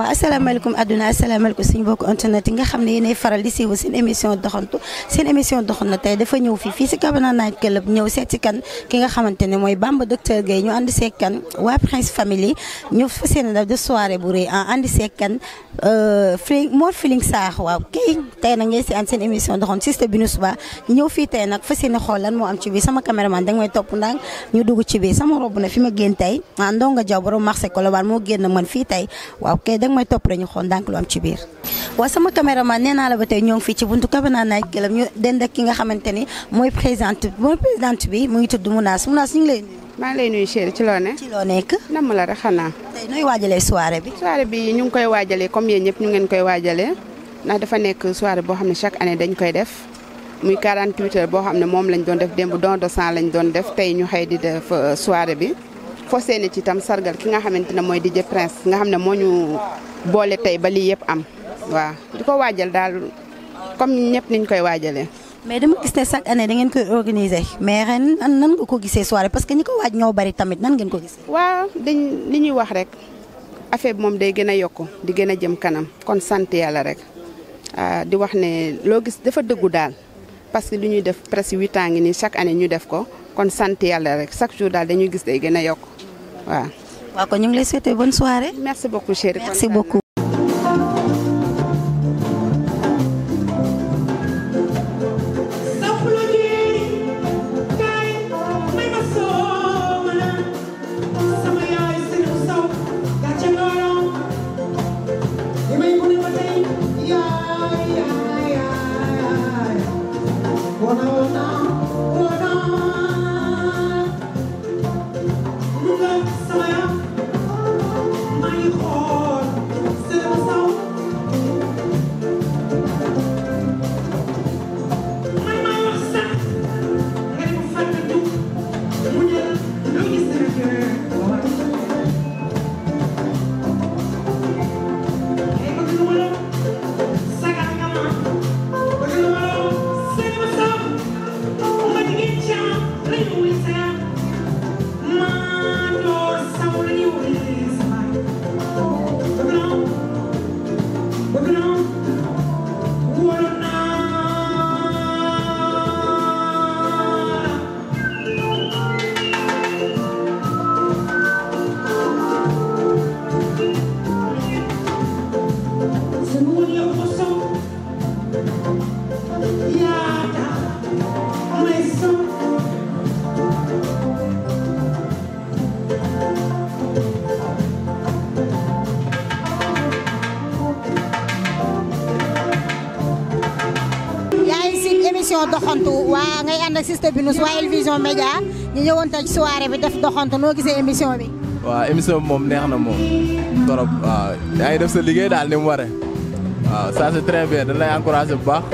waaw asalaamaaleykum adduna asalaamaaleykum suñu mbokki internet yi nga xam ne yéenay faral di siiw seen émission doxantu seen émission doxantu tey dafa ñëw fii fii si Kabana Night kan ki nga xamante ne mooy Bamba docteur Guèye ñu ànd see kan waa Prince Family ñu fas yéene daf de soirée bu rëy ah ànd see kan euh, feeling Mor Feeling Sarr waaw kii tey nag ngay si ànd seen émission doxantu siste bi nu suba ñëw fii tey nag fas yéene xool lan moo am ci bi sama caméraman danga may topp ndànk ñu dugg ci biir sama rob na fi ma génn tey ah Ndonga Diaw borom marché Colobane moo génn man fii tey waaw kay danga may topp dañu xool ndànk lu am ci sama caméraman nee naa la ba tey ñoo ngi ci buntu Kabana naaj gëlëm ñu dend ki nga xamante ni mooy présidente mooy présidente bi mu ngi tudd Mounass Mounass ñu ngi lay nuyu. maa ngi lay nuyu chérie ci loo ne. ci loo nekk. namm la rek xanaa. tey nooy waajalee soirée bi. soirée bi ñu ngi koy waajalee comme yéen ñëpp ñu ngeen koy waajalee ndax dafa nekk soirée boo xam ne chaque année dañ koy def muy 48 heures boo xam ne moom lañ doon foo seene ci itam sargal ki nga xamante ne DJ Prince nga xam ne moo ñu ba am wa di ko dal, daal comme ñëpp niñ koy waajalee. mais dama gis ne chaque année da ngeen koy organiser mais ren nan nga ko gisee soirée parce que ñi ko ñoo bari tamit nan ngeen ko gisee. waaw dañ li wax rek affaire bi day gën yokku di gën jëm kanam kon sant yàlla rek ah, di wax gis dafa parce que def presque ans chaque année ñu def ko kon rek chaque jour dañuy gis day yokku. waaw. waaw kon ñu ngi lay souhaiter bonne soirée. merci beaucoup chérie merci beaucoup. ak bi Binous waa El Vision Média ñu ñëwoon tey bi def doxantu noo gisee émission bi. waaw émission moom neex na moom trop waaw yaa ngi def sa liggéey daal ni mu waree waaw ça c'est très bien dañ lay encouragé bu baax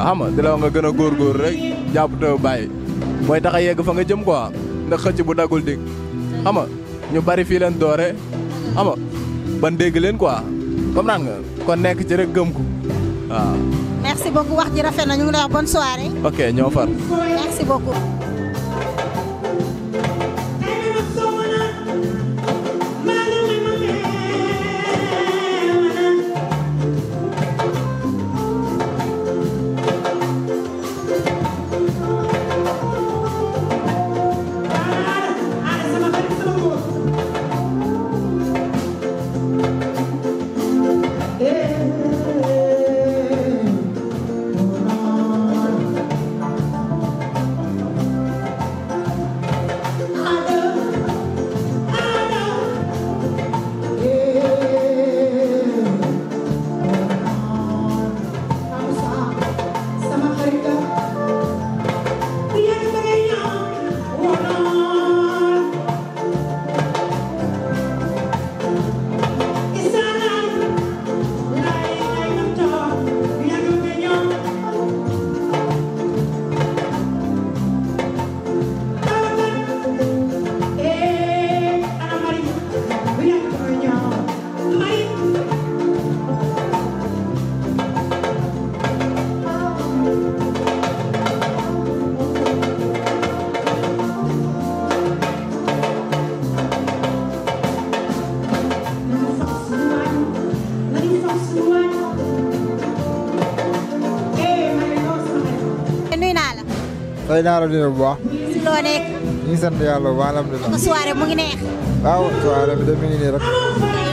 xam nga di la wax gën a góorgóorlu rek jàpp te bàyyi mooy tax a yegg fa nga jëm quoi ndax xëcc bu dagul dig xam ñu bari fii leen doore xam ban dégg leen quoi comprendre nga kon nekk ci gëm ko waaw. merci beaucoup wax ji rafet na ñu ngi lay wax bonne soirée. ok ñoo far. merci beaucoup. fay bu baax. si loo nekk. ñu ngi sant yàlla bu baax alhamdulilah. sama soirée mu ngi neex. waaw soirée bi de mi ngi nii rek.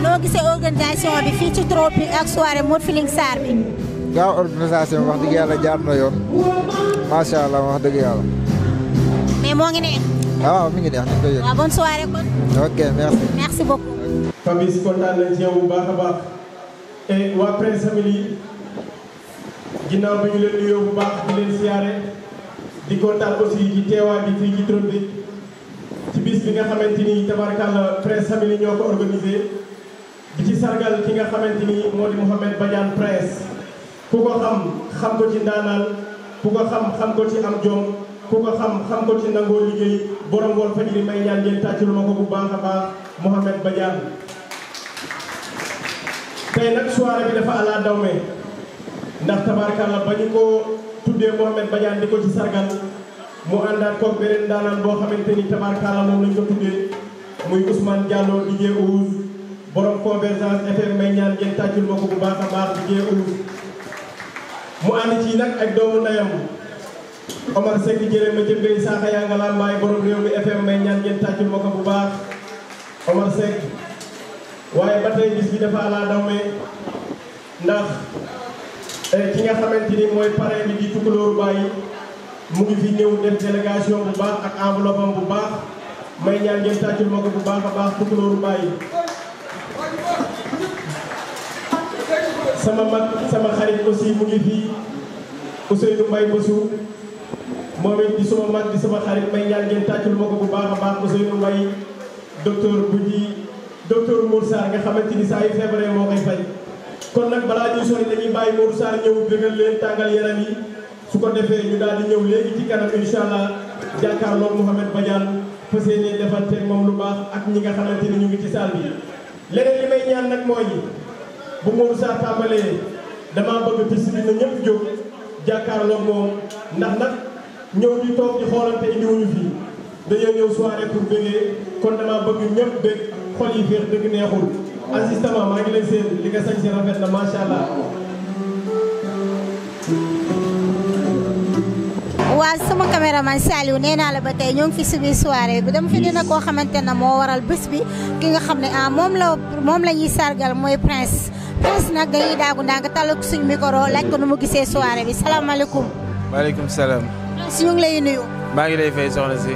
noo gisee organisation bi fii ci Tropique ak soirée Mode Feeling Sarr bi. waaw organisation wax dëgg yàlla jaar na yoon. macha allah wax dëgg yàlla. mais moo ngi neex. waaw mi ngi neex koy yëg. waaw bonne soirée kon. ok merci. merci beaucoup. Fabrice kontaan nañ ci yow bu baax a baax. di kota aussi di teewaay di fii ci turam bi ci bis bi nga xamante ni tabarkàlla presse famille ñoo di ci sargal ki nga xamante ni moo di Mouhamed Badiane presse ku ko xam xam ko ci ndaanaan ku ko xam xam ko ci am jom ku ko xam xam ko ci nangoo liggéey borom wol fajiri may ñaan ngeen tàccul ma ko bu baax baax Mouhamed Badiane tey nag soirée bi dafa ala dawme ndax tabarkàlla bañu ko tuddee Mouhamed Badiane di ko ci sargal mu àndaat koog beneen daanaan boo xamante ni tabarkalla moom lañ ko tuddee muy Ousmane Diallo di jee Ousse borom convergence FM may bu a mu ànd ci nag ak doomu may ñaan ngeen tàccul ma bu baax Omar Seck waaye ba tey bis bi dafa ala dawme ndax Eh, ki nga xamante ni mooy parrain bi di Tukulóoru Bàyyi mu ngi fi ñëw def délégation bu baax ak enveloppe am bu baax may ñaan ngeen tàccul ma ko bu baax a baax Tukulóoru Bàyyi sama mag sama xarit aussi mu ngi fi Ousseynou Mbaye sama mag di sama xarit may ñaan ngeen tàccul ma bu baax a bu di docteur Mour nga xamante ni saa yu feebaree moo koy faj kon nag balaa ñuy sori dañuy bàyyi Modou Sarr ñëw dëggal leen tàngal yaram yi su ko defee ñu daal di ñëw léegi ci kanam incha allah jàkkaarloog Mouhamed Badiane fas yéene defanteeg moom lu baax ak ñi nga xamante ni ñu ngi ci saal bi. leneen li may ñaan nag mooy bu Modou Sarr tàmbalee damaa bëgg piste bi na ñëpp jóg jàkkaarloog moom ndax nag ñëw di toog di xoolante indiwuñu fii dañoo ñëw soirée pour bégee kon damaa bëgg ñëpp bég xol yi féex dëgg neexul. Aziz Tama maa ngi lay nee naa la ba tey ñoo ngi fi subi soirée bi dama fi koo xamante ne moo waral bés bi ki nga xam ne ah moom la moom sargal mooy prince prince nag dañuy daagu ndànk talal ko suñu micro laaj ko nu gisee soirée bi salaamaaleykum. maaleykum salaam. prince ñu ngi lay nuyu. maa ngi lay fay soxna si.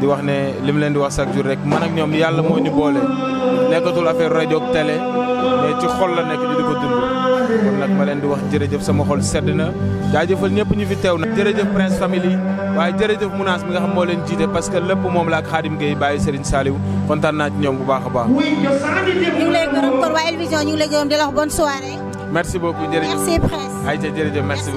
di wax ne li mu leen di wax chaque jour rek man ak ñoom yàlla moo ñu boole nekkatul affaire rajo ak télé mais ci xol la nekk ñu di ko dund kon nag ma leen di wax jërëjëf sama xol sedd na jaajëfal ñëpp ñu fi teew na jërëjëf Prince Family waaye jërëjëf Mounas mi nga xam moo leen jiite parce que lépp moom la ak Khadim Gueye bàyyi Serigne Saliou kontaan naa ci ñoom bu baax a baax. ñu ngi lay gërëm kon waa Elvision ñu ngi lay gërëm di la wax bonne soirée. merci beaucoup jërëjëf merci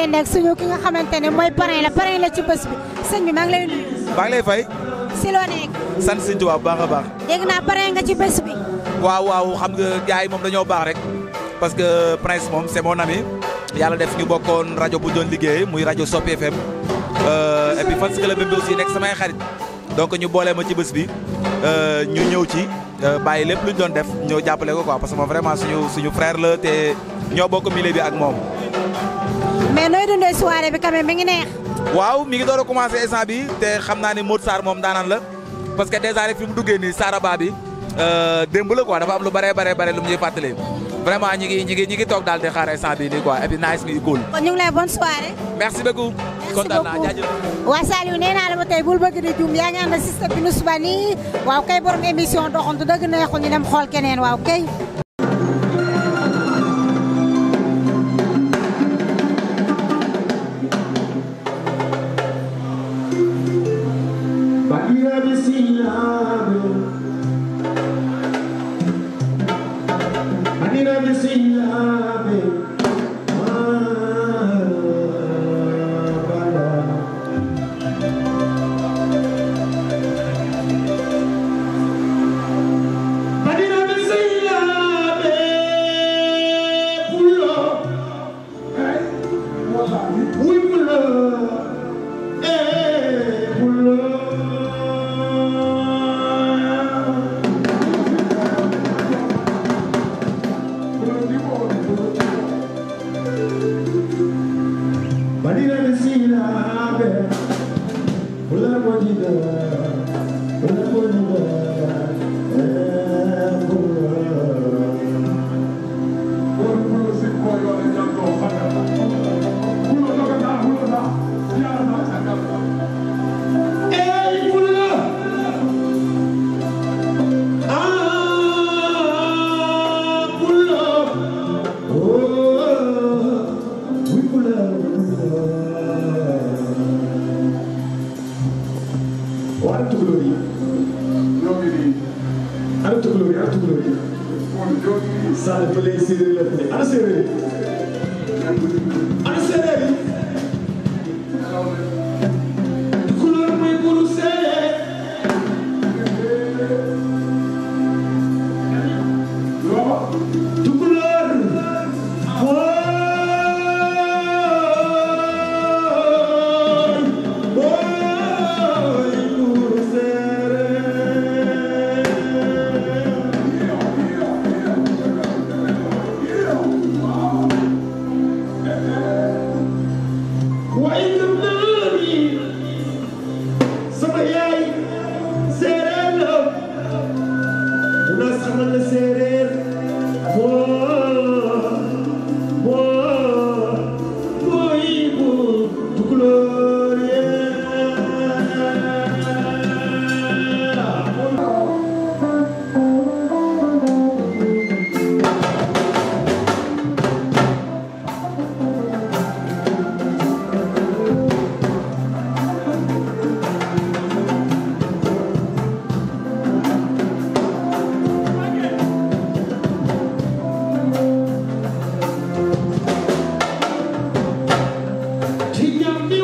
dende ak suñu ki nga xamante ne mooy parrain la parrain la ci bés bi sëñ bi lay nuyu. maa lay fay. si loo nekk. sant sëñ Tuubaa baax a baax. dégg naa parrain nga ci bés waaw waaw xam nga gars yi moom dañoo baax rek parce que prince moom c'est mon ami yàlla def ñu bokkoon rajo bu doon liggéey muy rajo Sopi FM euh, et puis fans club bi si nekk samay xarit donc ñu boole ma ci bés bi euh, ñu ñëw ci euh, bàyyi lépp luñ doon def ñëw jàppale ko a parce que vraiment suñu suñu frère la te ñoo bokk milieu bi ak moom. mais nooy dundee soirée bi quand même mi ngi neex. waaw mi ngi door a commencé bi te xam naa ne Modou Sarr moom daanaan la parce que dèjà rek fi mu duggee nii Saraba bi euh, démb la quoi dafa am lu bare bare bare lu mu ñuy fàttali vraiment ñi ngi ñi ngi ñi ngi toog daal di xaar instant bii nii quoi mi cool. kon ñu ngi lay bonne soirée. merci beaucoup. kontaan nee naa la ba tey bul bëgg di juum yaa ngi ànd système bi nii waaw kay borom émission doxantu dëgg neexul ñu dem xool keneen waaw kay. Hallelujah.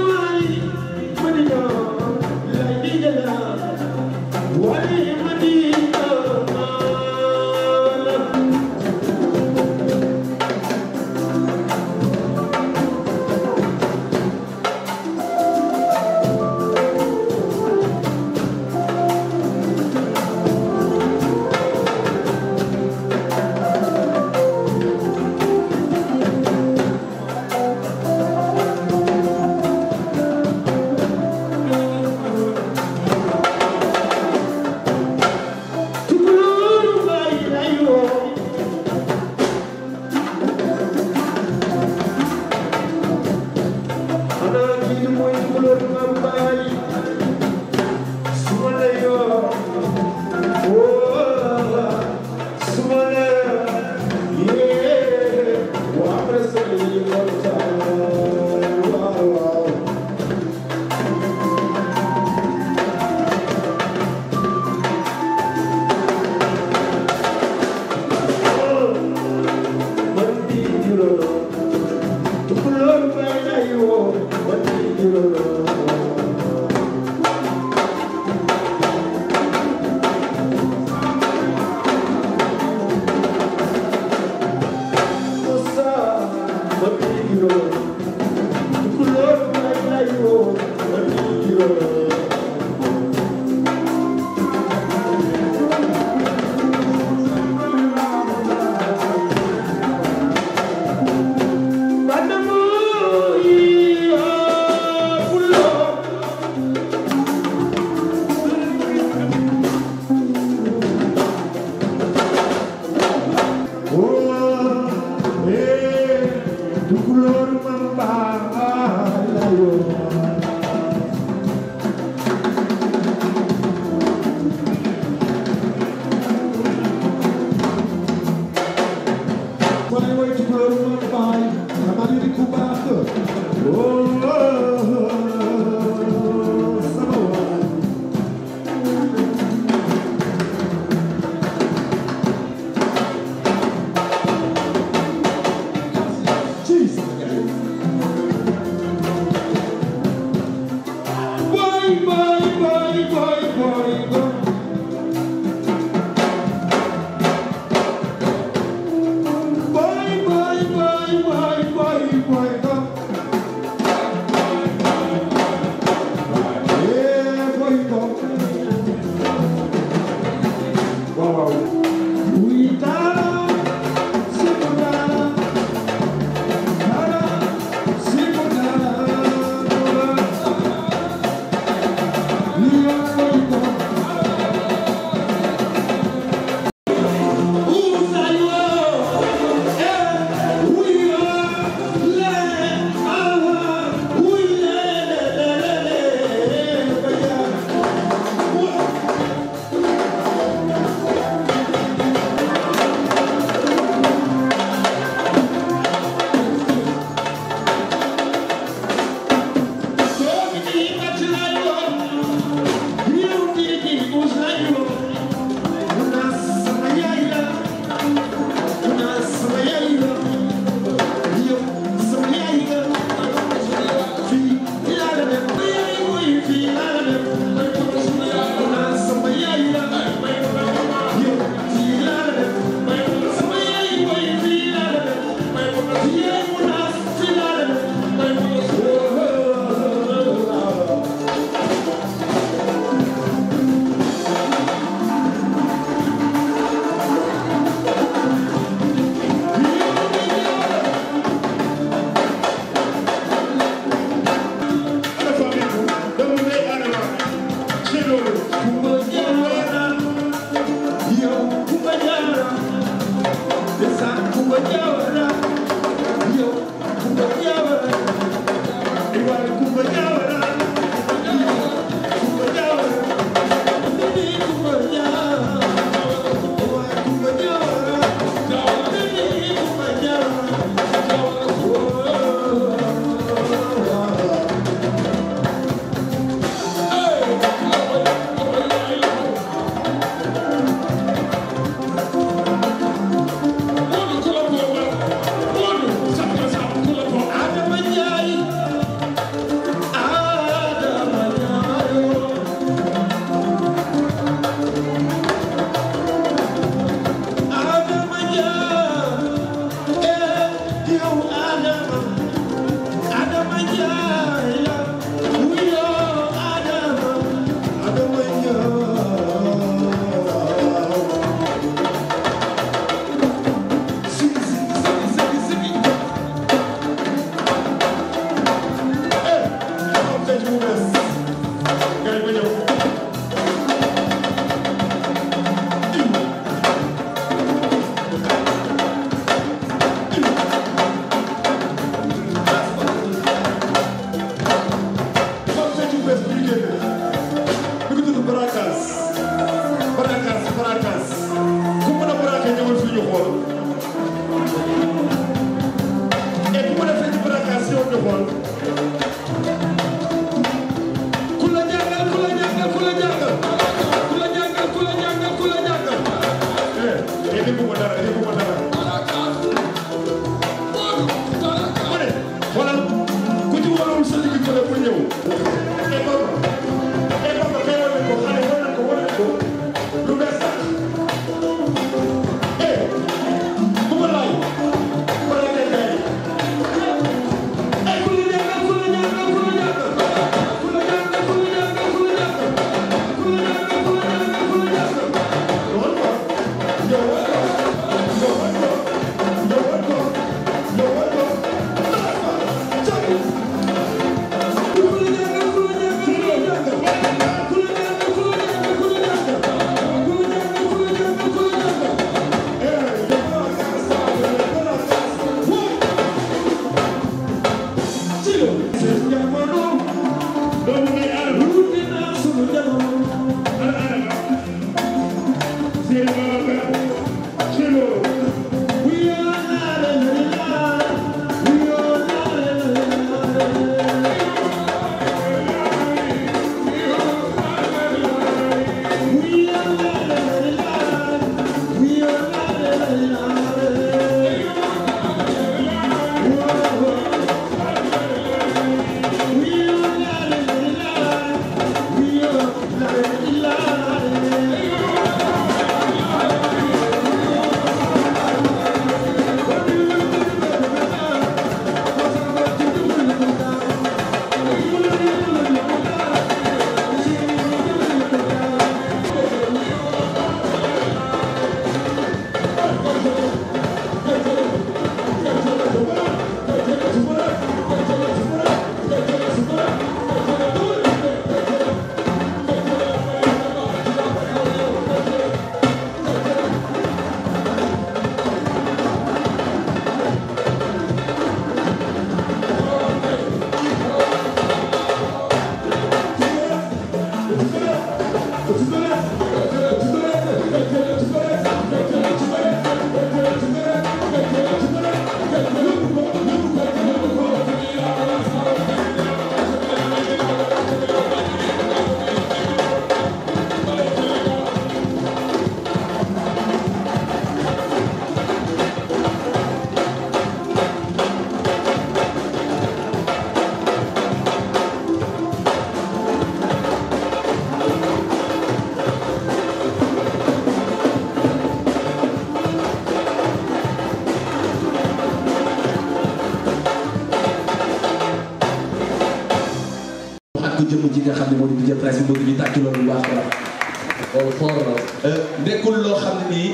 xam ne moo di DJ Price bi bëgg ñu tàcc loolu bu baax a baax. Euh, nekkul loo xam ni nii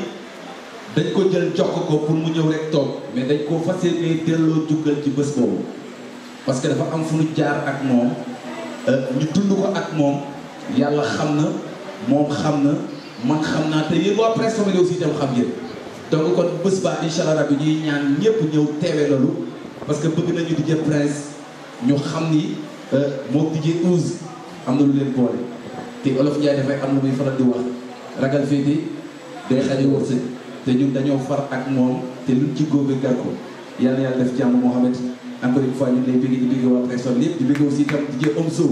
dañ ko jël jox ko pour mu ñëw rek toog mais dañ koo fas yéenee delloo juggal ci bés boobu parce que dafa am fu ñu jaar ak moom euh, ñu tund ko ak moom yàlla xam na moom xam na man xam naa te yéen waa presse famille aussi itam xam ngeen donc kon bës ba incha allah rabi ñuy ñaan ñëpp ñëw teewee loolu parce que bëgg nañu DJ Price ñu xam ni euh, moo DJ Ouze am na lu leen boole te olof Njaay dafay am na muy faral di wax ragal féete day xaje wërsëg te ñun dañoo far ak moom te luñ ci góobe ko yàlla na yàlla def jàmm Mohamed encore une fois ñu ngi lay bëgg di bëgg waa Preston yëpp di bëgg aussi tam di jël Omzo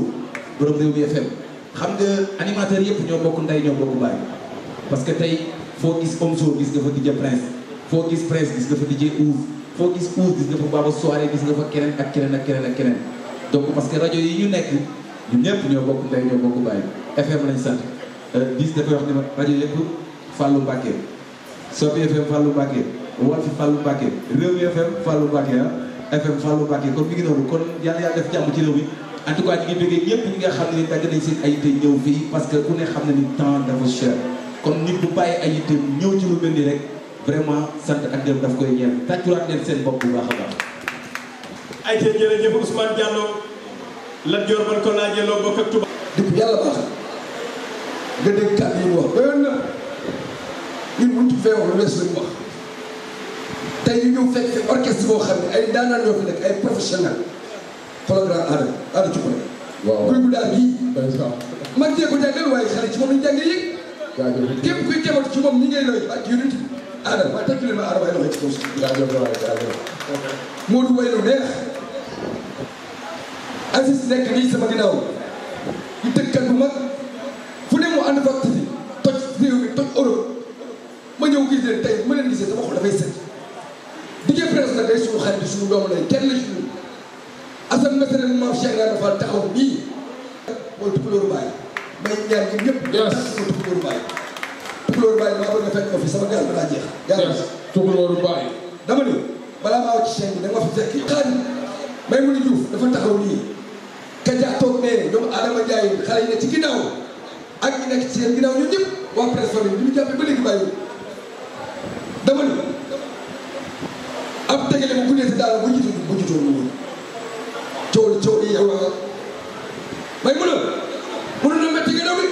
borom réew mi FM xam nga animateurs yëpp ñoo bokk ndey ñoo bokk baay parce que tey foo gis Omzo gis nga fa jë Prince foo gis Prince gis nga fa DJ Ouz foo gis Ouz gis nga fa Baba Soirée gis nga fa keneen ak keneen ak keneen parce que rajo yi ñu nekk ñun ñëpp ñoo bokk tey ñoo bokk bàyyi FM lañ sant bis euh, dafay wax ne ma rajo yëpp Fallou Mbacké Sopi FM Fallou Mbacké Walf Fallou Mbacké Rewmi FM Fallou ah. FM Fallou Mbacké kon mi kon yàlla yàlla def jàmm ci réew mi en tout cas ñu ngi bëggee nga xam ni dagg nañ seen ay yitte ñëw fii parce que ku ne xam na ni temps dafa cher kon nit bu bàyyi ay yitte ñëw ci lu mel rek vraiment sant ak dem daf koy ñeent tàcculaat leen seen bopp bu baax a ay jërëjëf Ousmane Lat Joor man ko laajee loo bokk ak Touba. dëgg yàlla baax na nga dégg kàddu yi mu wax doyoon na ñun mënut fee wax lu wees la mu wax tey ñu ñëw fekk orchestre boo xam ne ay daanaan yoo fi nekk ay professionnel xoolal grand aada aada ci waaw kuy guddaal gii. man tee ko jàngal waaye xale ci moom lañ jàngee yëg. jaajëf képp kuy teewat ci moom ni ngay looy ak unité. aada waaye tàggatoo ma aada waaye loxo ci kaw si. jaajëf waay jaajëf. Modou way lu neex. Aziz nekk nii sama ginnaaw di tëkkat bu mag fu ne mu ànd fàttali si toj réew mi toj ma ñëw gis sama xol dafay set DJ Prince nag day suñu xarit suñu doom lay kenn la suñu asam mesere maam Cheikh Ibra nga fekk ma fi sama gaal balaa jeex dama ne balaa maa wàcc chaîne bi da nga fi fekk yow xaar may mu ne Diouf dafa taxaw nii Kaja toog ne ñoom Adama Ndiaye xale yi ne ci ginnaaw ak ñi nekk ci seen ginnaaw ñun ñëpp waa presse famille bi ñu jàppee ba léegi bàyyi dama ni ab tegale bu guddee si daal bu jiitu bu jiitu woon coow li coow li yow la may mën a mënul a métti ginnaaw bi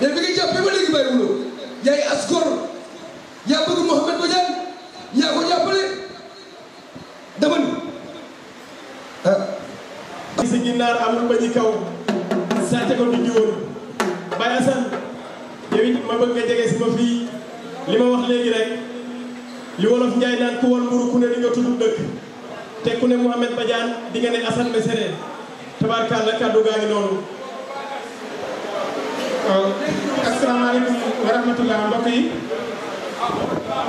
mais bi nga jàppee ba léegi wu loo yaay asgor yaa bëgg Mouhamed Badiane yaa ko jàppale dama ah. si ginnaar amul ba ci kaw sàcce ko du jóor Baye Assane yow ma bëgg nga jege si ma fii li ma wax léegi rek li wolof Njaay naan ku woon mburu ku ne di nga dëkk te ku ne Mouhamed Badiane di nga ne Assane ba sereen tabaarkàlla kàddu gaa ngi noonu waaw asalaamaaleykum wa yi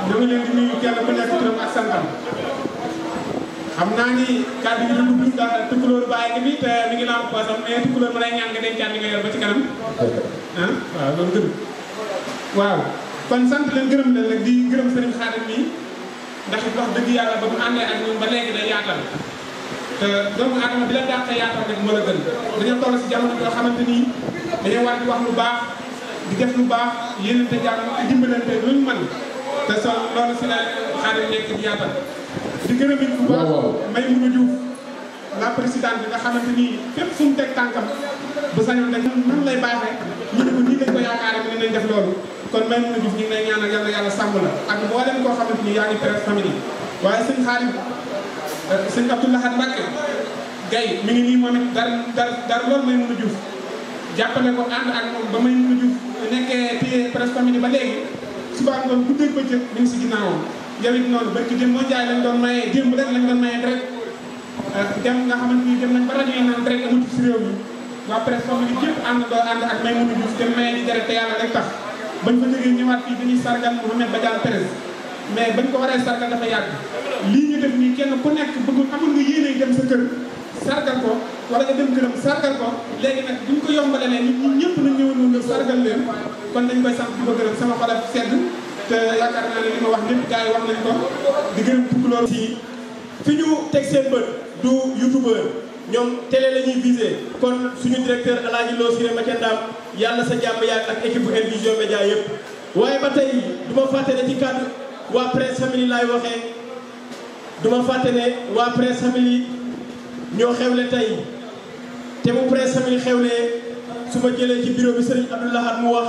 ñoo ngi leen di nuyu kenn ku xam naa ni kàddu yi dund bi daal tukulóor bàyyi nga bi te mi ngi laal poosam mais tukulóor ma lay ñaan nga dencaat li nga yor ba ci kanam ah waaw loolu gën waaw kon sant leen gërëm leen nag di gërëm sëriñ Xaadim mi ndax it wax dëgg yàlla ba mu àndee ak ñun ba léegi day yaatal te doomu aadama bi la dàqee yaatal rek la gën toll jamono war di wax lu baax di def lu baax dimbalante lu te so loolu si la Xaadim di yaatal di gërëm it bu may mun a Diouf bi nga xamante ni fépp fu mu teg tànkam bu sañoon dañ nan lay baaxee ñu nii kon may mun lay ñaanal yàlla yàlla sàmm la ak mboolem koo xamante ni yaa ngi presse famille waaye sëñ xaarim euh, sëñ Abdoulahat Mbacke Gaye mi ngi nii moom it dar dar dar loolu may mun a jàppale ko ànd ak moom ba may mun a Diouf nekkee téye presse famille ba léegi suba ngoon guddeeg bëccëg mi ngi si ginnaawam yow it noonu barki démb moo jaay lañ doon mayee démb rek lañ doon mayee rek euh, dem nga xamante ni dem nañ ba rajo yi naan rek amatu si réew mi waa presse comme ni yëpp ànd ko waree sargal dafa yàgg lii ñu def nii kenn ku nekk bëggul amul nga yéene dem sa kër sargal ko wala nga dem këram sargal ko léegi nag buñ ko yombalee ne nit ñi ñëpp nañ ñëwoon nga sargal leen kon dañ koy sant di ko gërëm sama xol sedd te yaakaar naa ne li ma wax lépp gars yi wax nañ ko di gërëm tukulóor si fi ñu teg seen bët du youtubeur ñoom te la ñuy visé kon suñu directeur alaaji Lo Siré Makendaam yàlla sa jàmm yaag ak équipe bu El Vision Médias yëpp waaye ba tey du ma fàtte ne ci kàddu waa Prince Family laay waxee du ma fàtte ne waa Prince Family ñoo xewle tey te bu Prince Family xewlee su ma jëlee ci bureau bi Serigne Abdoulahat mu wax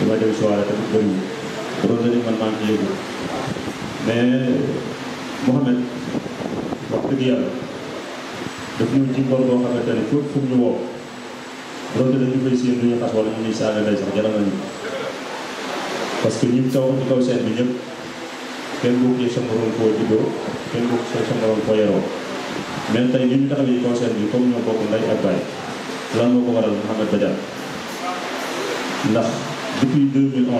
damay dem soirée tamit bëriwul rosée man maa ngi ci yëngu wax dëgg yàlla daf mu ñu woo rosée dañu koy séen xas wala ñu ñuy saaga day sax jaral nañu parce que ñi mu taw ci kaw seen bi ñëpp kenn bokk ci sa ci seen bi comme ñoo bokk ndey ak baay lan moo ko waral Mouhamed Badiane ndax. depuis 2011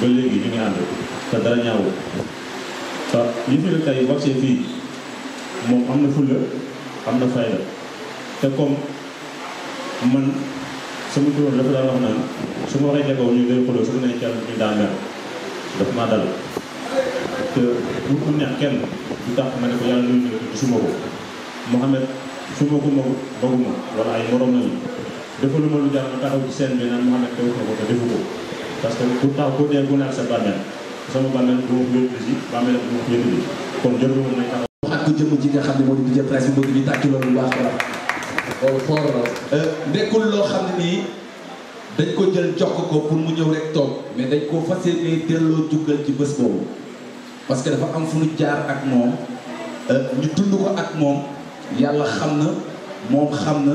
ba léegi ñu ngi te dara ñaawul te li fi la tey wàccee fii moom am na fulla am na fayda te comme man sama turam dafa daan wax naan su ma waxee jagow ñu day xuloo ma dal te bu mu neex kenn du tax ma ne ko yàlla luy ñëw suma ko Mouhamed suma ko ma bëgguma wala ay morom lañu dafa lu parce que ku taxaw ku dee ku xam ne moo di DJ Prince bi bëgg ñu tàcc loolu euh, mais dañ koo fas yéenee delloo parce que am fu ñu jaar ak moom euh, ñu dund ko ak moom yàlla xam na moom xam na.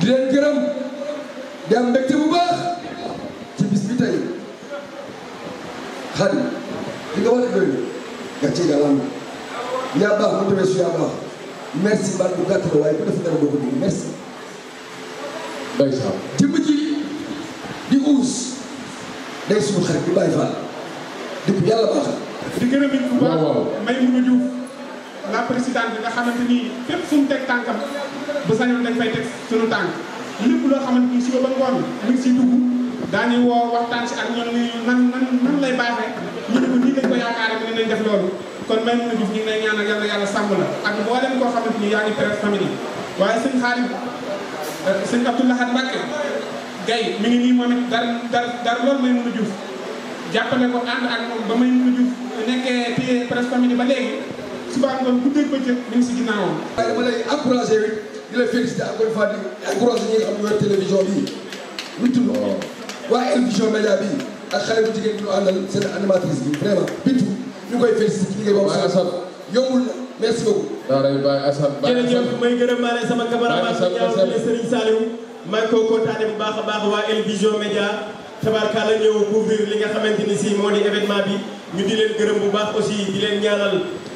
di leen gërëm bu baax ci bis bi tey xadi li nga wax dëgg gàcce yi daal am yaa baax mu demee su yaa baax merci baat bu gàtt la waaye bu def dara doo ko dégg merci. day sax jëmm ji di uus day suñu xarit di bàyyi faal di ko yàlla baaxal. di gërëm bu baax la présidente bi nga xamante ni fépp fu mu teg tànkam ba sañoon dañ fay teg suñu tànk lépp loo xamante ni suba ba ngoon mi ngi siy dugg woo waxtaan si ak ñoom ñu nan lay baaxee ñu nii lañ ko ne nañ def loolu kon may mën a juf ñu ngi yàlla yàlla sàmm la ak mboolem koo xamante ni yaa ngi presse famille waaye sëñ xaalis euh, sëñ Abdoulahat Mbacke gay mi ngi nii moom it dar dar dar loolu may mën a juf jàppale ko ànd ba may mën a juf nekkee téye presse famille ba léegi suba ngoon guddeeg bëccëg ñu ngi si ginnaawam. waaye dama lay encouragé rek oh. waa El Vision bi ak xale bu jigéen ñu àndal seen koy félicité ci liggéey boobu. waaw Assane yombul na merci beaucoup. may gërëm maa sama camarade ko kontaane bu baax a baax waa El Vision Média tabarkalla ñëw li nga xamante ni si moo di événement bi ñu di leen gërëm bu baax aussi di leen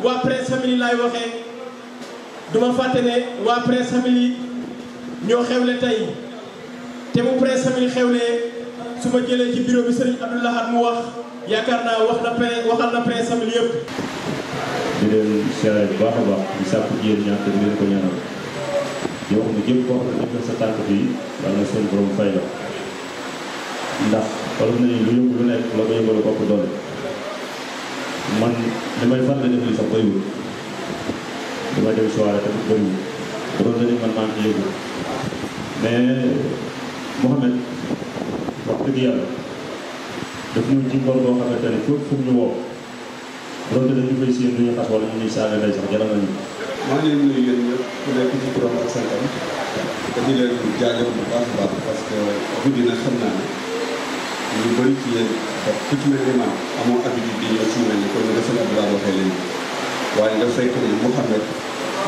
waa Prince Family laay waxee duma fàtte ne waa Prince Family ñoo xewle tey te bu Prince Family xewlee su ma jëlee ci bureau bi Serigne Abdou Lahad mu wax yaakaar naa wax na Prince waxal na Prince Family yëpp. di leen seeraay baax a baax di sàkku ji yéen ñaata di leen ko ñaanal yow mi képp xam ne def sa tànk bi wala seen borom fay la ndax wala nañu lu yëngu lu nekk la ko yëngal bopp doole. man damay faral di def li sax bëriwul damay dem soirée tamit bëriwul dama doon man maa ngi yëngu mais Mouhamed wax dëgg yàlla daf ñëw ci boo xamante ne foofu fu ñu woo loolu dañu fay séen lu ñu xas wala ñu ñuy saaga lay sax jaral nañu. maa ngi leen nuyu yéen ñëpp ku nekk ci turam ak santam dañu leen jaajëfal bu a parce que ne te ku ci mel ni man amoo habitude di ñëw suñu mel ni kon nga sëñ Abdoulaye waxee leen waaye nga saytu ni Mouhamed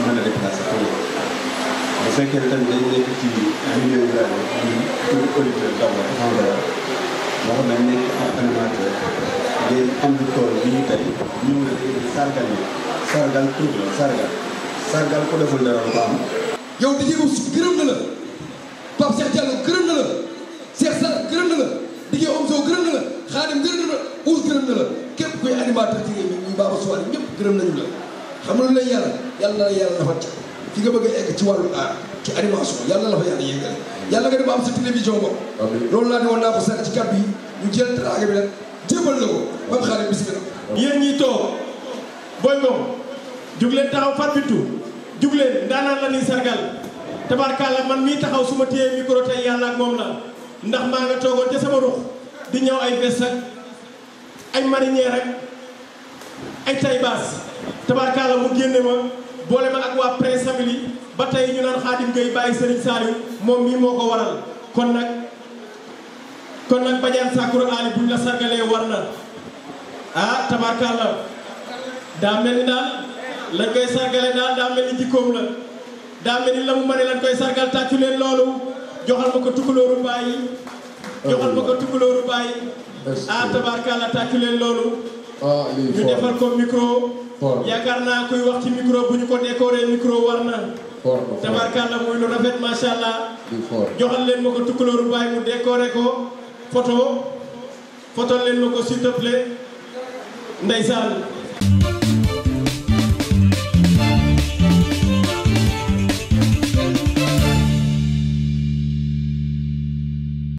mën a déplacé ko bu fekkee ne tamit dañu nekk ci milieu rajo ñu pour auditeur d' abord xam nga moo xam ne nekk en animateur ngeen am lu tool bi ñu tey ñu ngi leen sargal yi sargal tuuti la sargal sargal ko deful dara lu am. yow di jéem gërëm na la Pape Cheikh Diallo gërëm na la Cheikh Sarr gërëm na la di jéem Omzo gërëm na la. xaadim gërëm na la uus gërëm na la képp kuy animateur ci réew mi ñu baaba suwaar yi ñëpp gërëm nañu la xam nga lu lay yàlla yàlla dafa ca fi nga bëgg a egg ci wàllu aar ci animation yàlla la fa yàlla yéegale yàlla nga dem am sa télévision boobu loolu laa ne woon naa ko sànq ci kàddu yi ñu jël teraanga bi nag jébal la ko mam xaadim bismilla yéen ñi toog booy moom jug leen taxaw farbitu man mii taxaw su ma téyee micro tey yàlla ak moom la ndax maa nga toogoon ca sama ruux di ñëw ay veste ak ay marinière rek ay tay baas tabarkaala mu génne ma boole ma ak waa Prince Family ba tey ñu naan Xaadim Gueye bàyyi Serigne Saliou moom mii moo ko waral kon nag kon nag Badiane Sakkour Ali buñ la sargalee war na ah daa mel ni daal lañ koy sargale daal daa mel ni jikkoom la daa mel ni la mu mën lañ koy sargal tàccu leen loolu joxal ma ko tukulóoru bàyyi joxal ma ko tukulóoru bàyyi. ah tabarkalla tàccu leen loolu. Ah, ñu defal ko micro. yaakaar naa kuy wax ci micro bu ñu ko décorer micro war na. tabarkalla muy lu rafet macha allah. joxal leen ma ko tukulóoru bàyyi mu décorer ko photo photo leen ma ko s'il te plaît ndeysaan